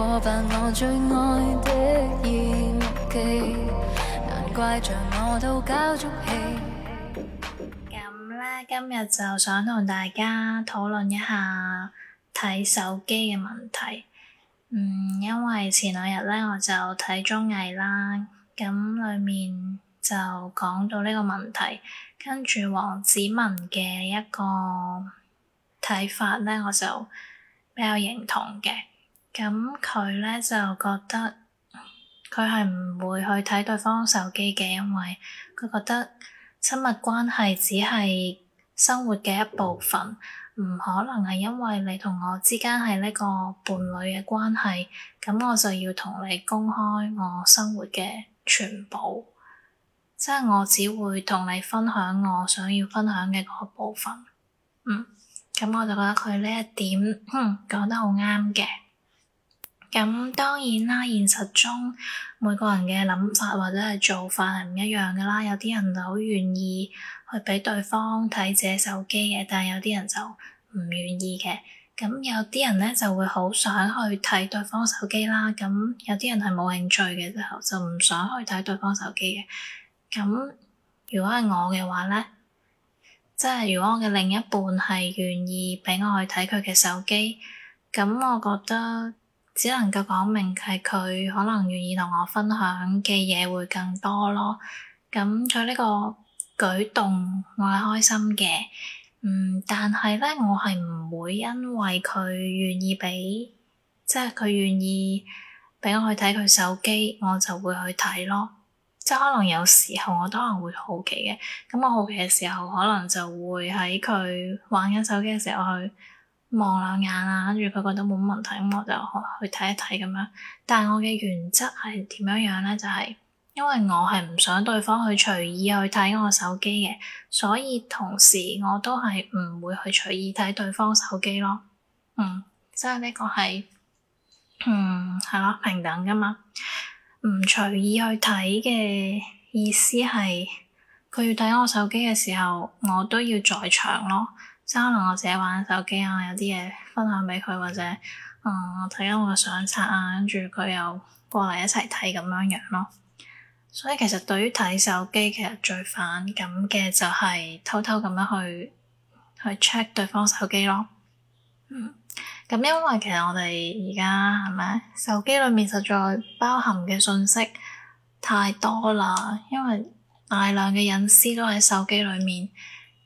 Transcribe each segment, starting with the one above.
我我最的怪像都搞足咁咧，今日就想同大家討論一下睇手機嘅問題。嗯，因為前兩日咧，我就睇綜藝啦，咁裏面就講到呢個問題，跟住王子文嘅一個睇法咧，我就比較認同嘅。咁佢咧就覺得佢係唔會去睇對方手機嘅，因為佢覺得親密關係只係生活嘅一部分，唔可能係因為你同我之間係呢個伴侶嘅關係，咁我就要同你公開我生活嘅全部，即係我只會同你分享我想要分享嘅嗰部分。嗯，咁我就覺得佢呢一點哼講得好啱嘅。咁當然啦，現實中每個人嘅諗法或者係做法係唔一樣噶啦。有啲人就好願意去畀對方睇自己手機嘅，但係有啲人就唔願意嘅。咁有啲人咧就會好想去睇對方手機啦。咁有啲人係冇興趣嘅時候，就唔想去睇對方手機嘅。咁如果係我嘅話咧，即係如果我嘅另一半係願意畀我去睇佢嘅手機，咁我覺得，只能夠講明係佢可能願意同我分享嘅嘢會更多咯。咁佢呢個舉動我係開心嘅，嗯，但係咧我係唔會因為佢願意俾，即係佢願意俾我去睇佢手機，我就會去睇咯。即係可能有時候我都可能會好奇嘅，咁我好奇嘅時候，可能就會喺佢玩緊手機嘅時候去望兩眼啊，跟住佢覺得冇問題，咁我就去睇一睇咁樣。但係我嘅原則係點樣樣咧？就係因為我係唔想對方去隨意去睇我手機嘅，所以同時我都係唔會去隨意睇對方手機咯。嗯，即係呢個係嗯係咯，平等噶嘛，唔隨意去睇嘅意思係佢要睇我手機嘅時候，我都要在場咯。可能我自己玩手機啊，我有啲嘢分享俾佢，或者誒睇緊我嘅相冊啊，跟住佢又過嚟一齊睇咁樣樣咯。所以其實對於睇手機，其實最反感嘅就係偷偷咁樣去去 check 對方手機咯。嗯，咁因為其實我哋而家係咪手機裏面實在包含嘅信息太多啦，因為大量嘅隱私都喺手機裏面。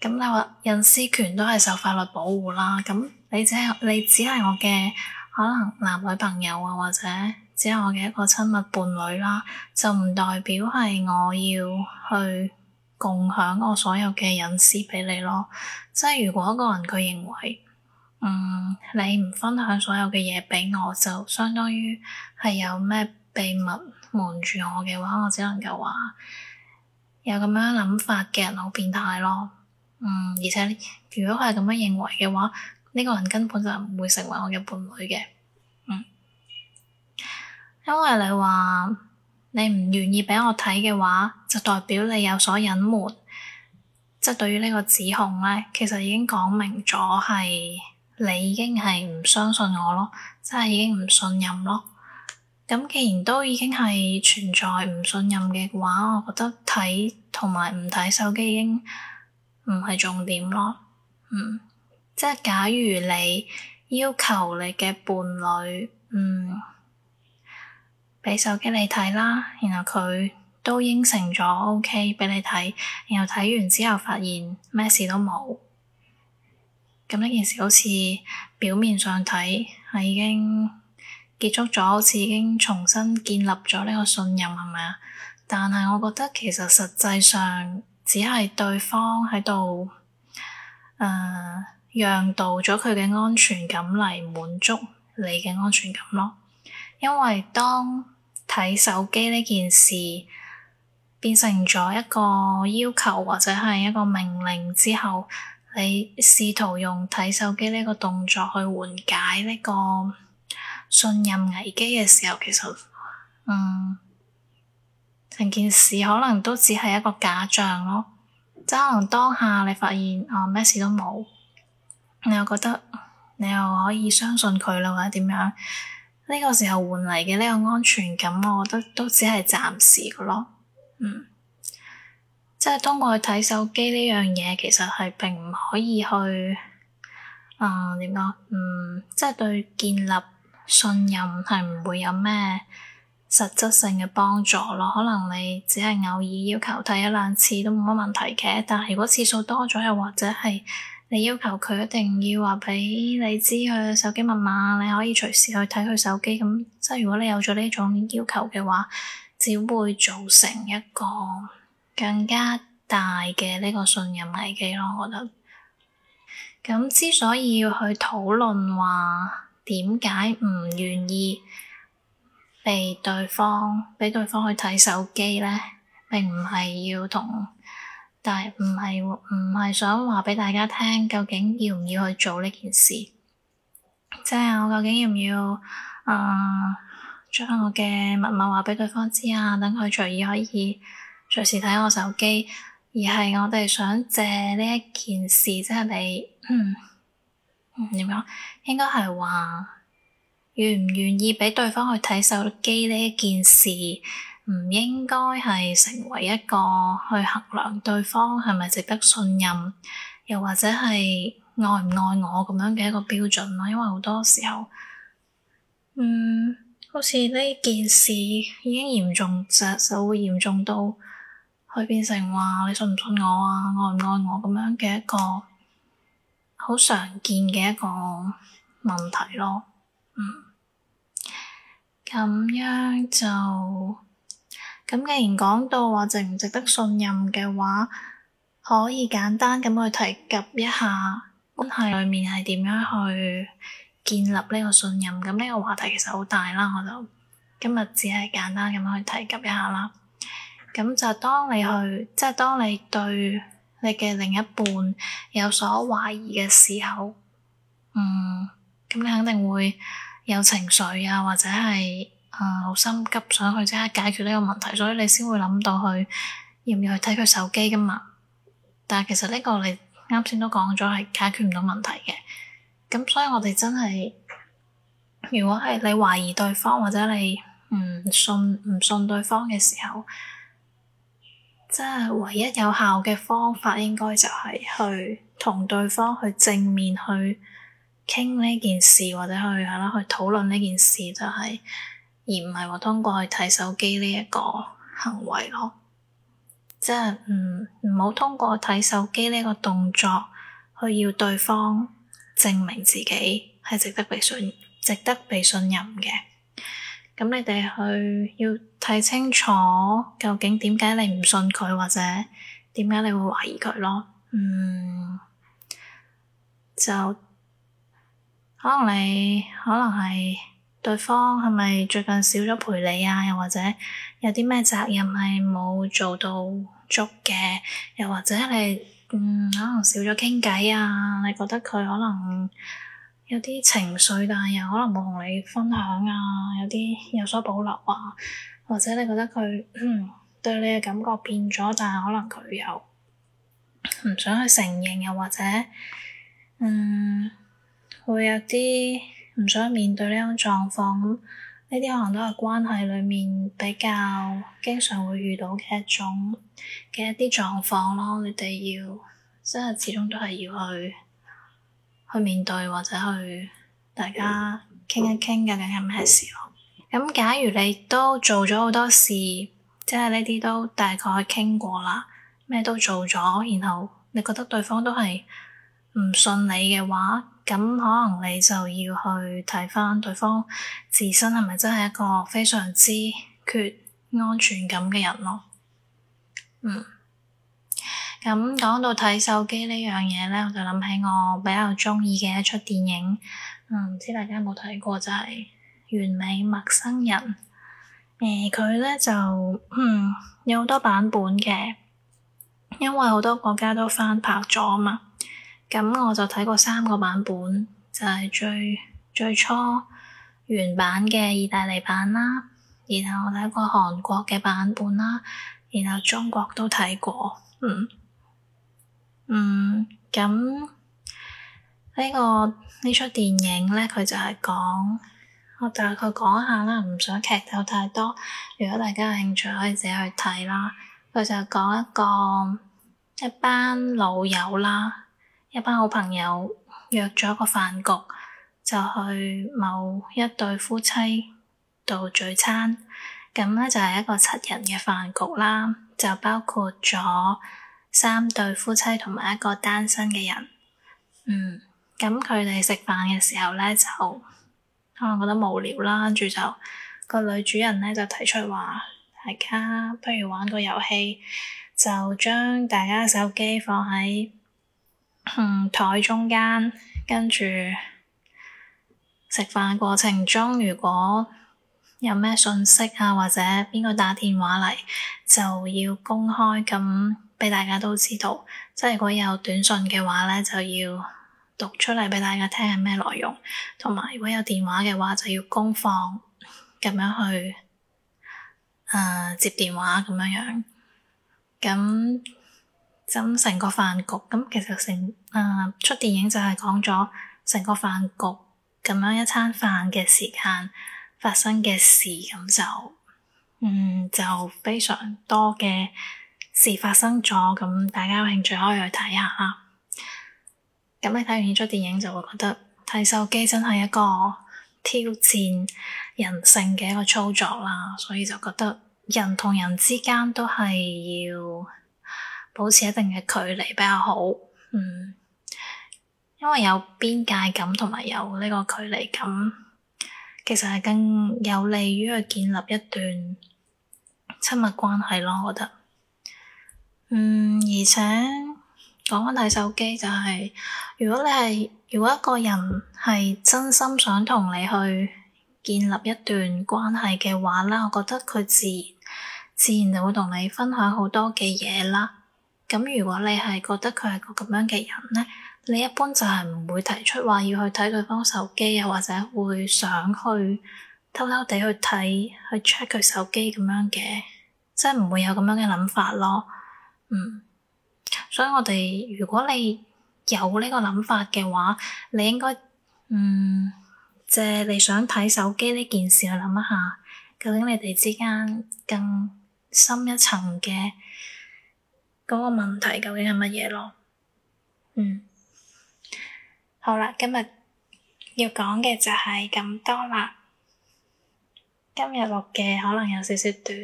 咁你話隱私權都係受法律保護啦。咁你只係你只係我嘅可能男女朋友啊，或者只係我嘅一個親密伴侶啦，啊，就唔代表係我要去共享我所有嘅隱私畀你咯。即係如果一個人佢認為，嗯，你唔分享所有嘅嘢畀我就，就相當於係有咩秘密瞞住我嘅話，我只能夠話有咁樣諗法嘅人好變態咯。嗯，而且如果佢係咁樣認為嘅話，呢個人根本就唔會成為我嘅伴侶嘅。嗯，因為你話你唔願意俾我睇嘅話，就代表你有所隱瞞。即係對於呢個指控咧，其實已經講明咗係你已經係唔相信我咯，即係已經唔信任咯。咁既然都已經係存在唔信任嘅話，我覺得睇同埋唔睇手機已經。唔係重點咯，嗯，即係假如你要求你嘅伴侶，嗯，俾手機你睇啦，然後佢都應承咗，OK，畀你睇，然後睇完之後發現咩事都冇，咁呢件事好似表面上睇係已經結束咗，好似已經重新建立咗呢個信任，係咪啊？但係我覺得其實實際上。只係對方喺度，誒、呃、讓渡咗佢嘅安全感嚟滿足你嘅安全感咯。因為當睇手機呢件事變成咗一個要求或者係一個命令之後，你試圖用睇手機呢個動作去緩解呢個信任危機嘅時候，其實，嗯。成件事可能都只係一個假象咯，即可能當下你發現哦咩、呃、事都冇，你又覺得你又可以相信佢啦或者點樣？呢個時候換嚟嘅呢個安全感，我覺得都只係暫時嘅咯。嗯，即係通過去睇手機呢樣嘢，其實係並唔可以去，誒點講？嗯，即係對建立信任係唔會有咩？實質性嘅幫助咯，可能你只係偶爾要求睇一兩次都冇乜問題嘅，但係如果次數多咗，又或者係你要求佢一定要話俾你知佢嘅手機密碼，你可以隨時去睇佢手機咁，即係如果你有咗呢種要求嘅話，只會造成一個更加大嘅呢個信任危機咯，我覺得。咁之所以要去討論話點解唔願意被對方畀對方去睇手機咧，並唔係要同，但係唔係唔係想話畀大家聽，究竟要唔要去做呢件事？即係我究竟要唔要、呃、啊，將我嘅密碼話畀對方知啊，等佢隨意可以隨時睇我手機，而係我哋想借呢一件事，即係你嗯，點、嗯、講？應該係話。願唔願意畀對方去睇手機呢一件事，唔應該係成為一個去衡量對方係咪值得信任，又或者係愛唔愛我咁樣嘅一個標準咯。因為好多時候，嗯，好似呢件事已經嚴重，實實會嚴重到去變成話你信唔信我啊，愛唔愛我咁樣嘅一個好常見嘅一個問題咯，嗯。咁樣就咁，既然講到話值唔值得信任嘅話，可以簡單咁去提及一下關係裏面係點樣去建立呢個信任。咁呢個話題其實好大啦，我就今日只係簡單咁去提及一下啦。咁就當你去即係、就是、當你對你嘅另一半有所懷疑嘅時候，嗯，咁你肯定會。有情緒啊，或者係啊好心急，想去即刻解決呢個問題，所以你先會諗到去要唔要去睇佢手機㗎嘛？但係其實呢個你啱先都講咗，係解決唔到問題嘅。咁所以我哋真係，如果係你懷疑對方或者你唔信唔信對方嘅時候，即係唯一有效嘅方法應該就係去同對方去正面去。傾呢件事，或者去係咯去討論呢件事就係，而唔係話通過去睇手機呢一個行為咯，即係唔唔好通過睇手機呢個動作去要對方證明自己係值得被信值得被信任嘅。咁你哋去要睇清楚究竟點解你唔信佢，或者點解你會懷疑佢咯？嗯，就。可能你可能係對方係咪最近少咗陪你啊？又或者有啲咩責任係冇做到足嘅？又或者你嗯可能少咗傾偈啊？你覺得佢可能有啲情緒，但係又可能冇同你分享啊？有啲有所保留啊？或者你覺得佢、嗯、對你嘅感覺變咗，但係可能佢又唔想去承認，又或者嗯？會有啲唔想面對呢種狀況。咁，呢啲可能都係關係裡面比較經常會遇到嘅一種嘅一啲狀況咯。你哋要即係始終都係要去去面對，或者去大家傾一傾究竟係咩事咯。咁假如你都做咗好多事，即係呢啲都大概傾過啦，咩都做咗，然後你覺得對方都係唔信你嘅話。咁可能你就要去睇返對方自身係咪真係一個非常之缺安全感嘅人咯？嗯。咁講到睇手機呢樣嘢咧，我就諗起我比較中意嘅一出電影，嗯，唔知大家有冇睇過？就係、是《完美陌生人》呃。誒，佢咧就嗯，有好多版本嘅，因為好多國家都翻拍咗啊嘛。咁我就睇過三個版本，就係最最初原版嘅意大利版啦，然後睇過韓國嘅版本啦，然後中國都睇過，嗯嗯，咁呢個呢出電影咧，佢就係講，我大概講一下啦，唔想劇透太多。如果大家有興趣，可以自己去睇啦。佢就講一個一班老友啦。一班好朋友約咗個飯局，就去某一對夫妻度聚餐。咁咧就係一個七人嘅飯局啦，就包括咗三對夫妻同埋一個單身嘅人。嗯，咁佢哋食飯嘅時候咧，就可能覺得無聊啦，跟住就個女主人咧就提出話：大家不如玩個遊戲，就將大家嘅手機放喺嗯，台中間，跟住食飯過程中，如果有咩訊息啊，或者邊個打電話嚟，就要公開咁俾大家都知道。即係如果有短信嘅話咧，就要讀出嚟俾大家聽係咩內容。同埋如果有電話嘅話，就要公放咁樣去誒、呃、接電話咁樣樣。咁。咁成個飯局，咁其實成啊、呃、出電影就係講咗成個飯局咁樣一餐飯嘅時間發生嘅事，咁就嗯就非常多嘅事發生咗，咁大家有興趣可以去睇下啦。咁你睇完呢出電影就會覺得睇手機真係一個挑戰人性嘅一個操作啦，所以就覺得人同人之間都係要保持一定嘅距離比較好，嗯，因為有邊界感同埋有呢個距離感，其實係更有利於去建立一段親密關係咯。我覺得，嗯，而且講翻睇手機就係、是，如果你係如果一個人係真心想同你去建立一段關係嘅話啦，我覺得佢自然自然就會同你分享好多嘅嘢啦。咁如果你係覺得佢係個咁樣嘅人咧，你一般就係唔會提出話要去睇對方手機啊，或者會想去偷偷地去睇去 check 佢手機咁樣嘅，即係唔會有咁樣嘅諗法咯。嗯，所以我哋如果你有呢個諗法嘅話，你應該嗯，借你想睇手機呢件事去諗一下，究竟你哋之間更深一層嘅。嗰個問題究竟係乜嘢咯？嗯，好啦，今日要講嘅就係咁多啦。今日錄嘅可能有少少短。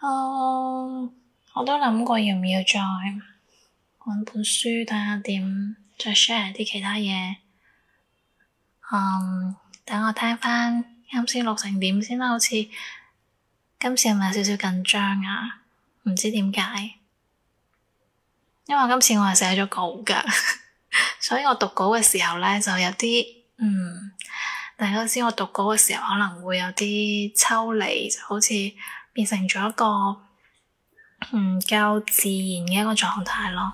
嗯、哦，我都諗過要唔要再揾本書睇下點，再 share 啲其他嘢。嗯，等我聽翻啱先錄成點先啦。好似今次係咪有少少緊張啊？唔知點解，因為今次我係寫咗稿㗎，所以我讀稿嘅時候呢就有啲，嗯，但係嗰時我讀稿嘅時候可能會有啲抽離，就好似變成咗一個唔夠自然嘅一個狀態咯。